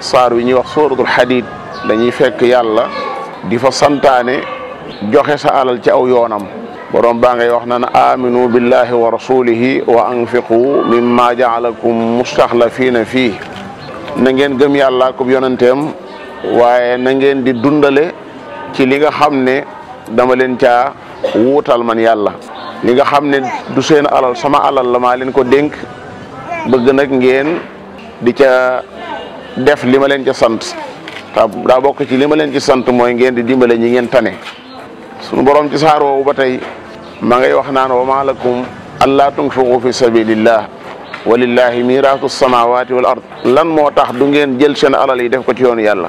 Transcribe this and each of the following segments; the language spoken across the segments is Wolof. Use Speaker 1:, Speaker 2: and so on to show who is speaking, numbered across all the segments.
Speaker 1: saar wi ñuy wax sóoratul xadiid dañuy fekk yàlla di fa santaane joxe sa alal ci aw yoonam borom baa ngay wax naan aminu billahi wa rasulihi wa anfiqu mimma jaalakum mustaxlafina fii na ngeen gëm yàlla ko yonanteem waaye na ngeen di dundale ci li nga xam ne dama leen caa wutal man yàlla li nga xam ne du alal sama alal la leen ko dénk bëgg nag ngeen di ca def li ma leen ca sant ta daa bokk ci li ma leen ci sant mooy ngeen di dimbale ñi ngeen tane sunu borom ci saar woowu ba tey ma ngay wax naan wa maa lakum allaa tunfiqu fi sabilillah walillahi miraatu samawati wal lan moo tax du ngeen jël seen alal yi def ko ci yoon yàlla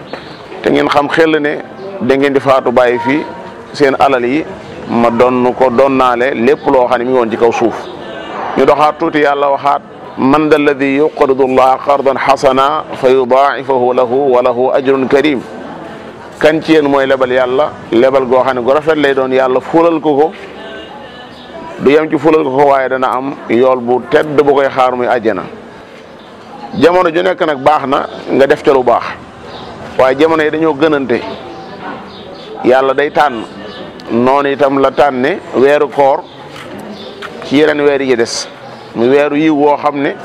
Speaker 1: te ngeen xam xel ne da ngeen di faatu bàyyi fii seen alal yi ma doon ko doon donnaale lépp loo xam ne mi ngi woon ci kaw suuf ñu doxaat tuuti yàlla waxaat man da alladi yuqridu llaha qardan xasana fa yudaa'ifahu lahu wa lahu ajrun karim kan ci yéen mooy lebal yàlla lebal goo xam ne gu rafet lay doon yàlla fulal ko ko du yem ci fulal ko ko waaye dana am yool bu tedd bu koy xaar muy àjjana jamono ju nekk nag baax na nga def ca lu baax waaye jamono yi dañoo gënante yàlla day tànn noonu itam la tànne weeru koor ci yeneen weer yi des mu weeru yiw woo xam ne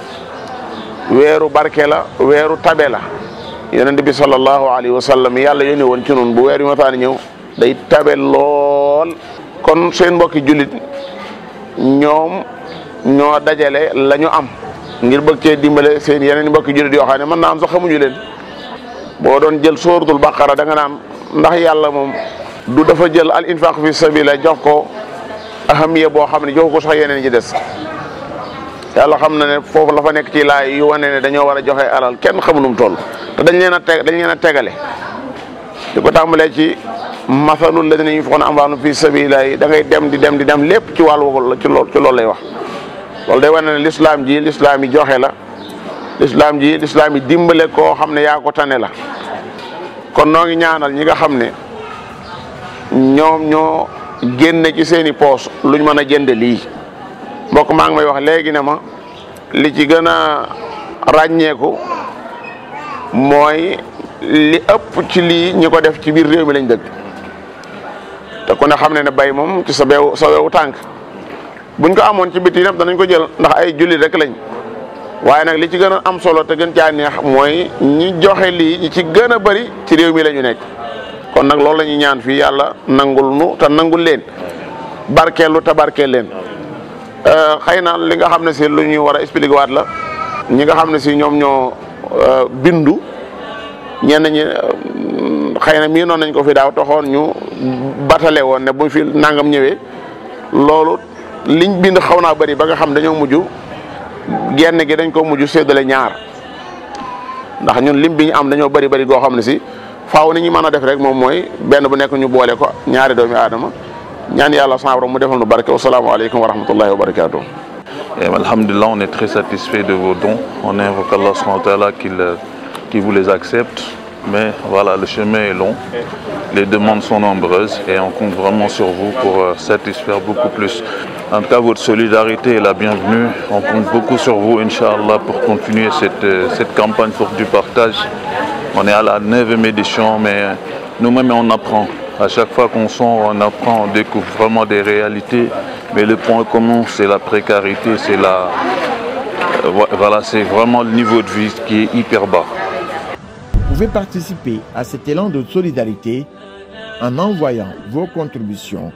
Speaker 1: weeru barke la weeru tabe la yonent bi sallallahu alayhi wa mi yàlla yónni woon ci noonu bu weer yu ma taan ñëw day tabe lool kon seen mbokki jullit ñoom ñoo dajale lañu ñu am ngir bëgg cee dimbale seen yeneen mbokki jullit yoo xam ne mën naa am sax xamuñu leen boo doon jël sóoratul baqara da nga naan ndax yàlla moom du dafa jël al infaq fi sabila jox ko ahamiya boo xam ne jox ko sax yeneen ji des yàlla xam na ne foofu la fa nekk ci laay yu wane ne dañoo war a joxe alal kenn xamu nu mu toll te dañ leen a teg dañ leen a tegale di ko tàmbalee ci masalul ladina yunfiquna amwaalahum fi sabilillahi da ngay dem di dem di dem lépp ci wàllu woowu la ci lool ci loolu lay wax day wane ne lislaam ji lislaam yi joxe la lislaam ji lislaam yi dimbale koo xam ne yaa ko tane la kon noo ngi ñaanal ñi nga xam ne ñoom ñoo génne ci seeni poos luñ mën a jënd lii mbokk maa ngi may wax léegi na ma li ci gën a ràññeeku mooy li ëpp ci lii ñi ko def ci biir réew mi lañ dëkk te ku ne xam ne ne bay moom ci sa beew sa tànk buñ ko amoon ci biti nag danañ ko jël ndax ay jullit rek lañ waaye nag li ci gën a am solo te gën caa neex mooy ñi joxe lii ñi ci gën a bëri ci réew mi la ñu nekk kon nag loolu la ñaan fii yàlla nangul nu te nangul leen barkeelu te barkeel leen Euh, xëy na li nga xam ne si lu ñuy war a expliquer waat la ñi nga xam ne si ñoom ñoo euh, bindu ñenn ñi euh, xëy na mii noonu nañ ko fi daaw taxoon ñu batale woon ne bu fi nangam ñëwee loolu liñ bind xaw naa bëri ba nga xam dañoo mujj genn gi dañ ko mujj séddale ñaar ndax ñun lim bi ñu am dañoo bari bari goo xam ne si faaw ni ñu mën a def rek moom mooy benn bu nekk ñu boole ko ñaari doomi aadama
Speaker 2: on est très satisfait de vos dons. On invoque Allah qu'il euh, qui vous les accepte. Mais voilà, le chemin est long, les demandes sont nombreuses et on compte vraiment sur vous pour euh, satisfaire beaucoup plus. En tout cas, votre solidarité est la bienvenue. On compte beaucoup sur vous, Inch'Allah, pour continuer cette, euh, campagne forte du partage. On est à la 9e édition, mais nous-mêmes, on apprend. À chaque fois qu'on sort, on apprend, on découvre vraiment des réalités. Mais le point commun, c'est la précarité, c'est la... Euh, voilà, c'est vraiment le niveau de vie qui est hyper bas.
Speaker 1: Vous pouvez participer à cet élan de solidarité en envoyant vos contributions